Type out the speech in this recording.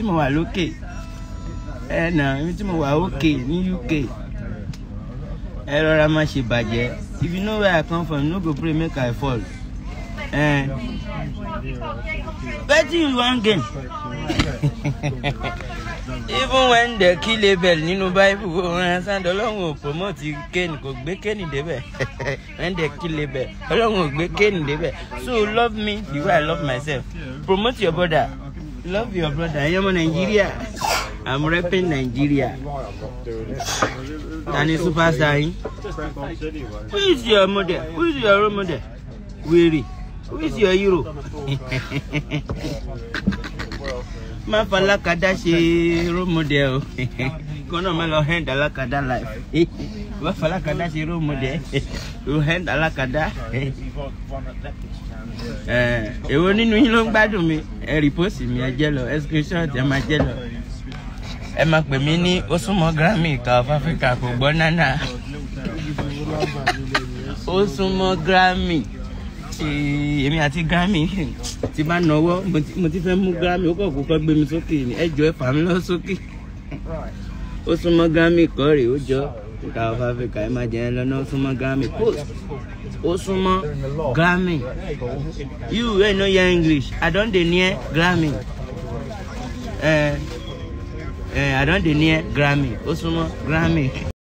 tí mo wà lókè ẹ ibi tí mo wà òkè ní UK ẹ rọra má ṣe bàjẹ́ if you know where I come from you no go pray make I fall. Eh. wetin you wan gain even when they kill Abel nínú bible ọ̀ràn sand ọlọ́run ò promote Cain kò gbé Cain débẹ̀ when they kill Abel ọlọ́run ò gbé Cain débẹ̀ so love me the way I love myself promote your brother Love your brother. I am a Nigeria. I'm repping Nigeria. And super superstar. Who is your mother? Who is your mother? model? Weary. Who is your hero? Ma fa lákàdá ṣe role model o kan náà má lọ hand alákàdá life má fa lákàdá ṣe role model o hand alákàdá eh, èwo nínú yín ló ń gbádùn mi ẹ rìpọ́sì mi ẹ jẹ́ lọ ẹ screenshot ẹ máa jẹ́ lọ ẹ máa pè mí ní ó grammy ìka of africa kò gbọ́ nánà ó grammy ṣe èmi àti grammy ti bá nọwọ́ mo ti fẹ́ mú grammy ó kọ̀ọ̀kú kọ́ gbé mi sókè ni ẹ jọ ẹ fà mí lọ sókè ó súnmọ́ grammy kọ́ rèé ó jọ nǹkan of africa ẹ má jẹ́ ẹ lọ́nà ó súnmọ́ grammy post ó súnmọ́ grammy you wey no hear english i don dey near grammy uh, uh, i don dey near grammy ó súnmọ́ grammy.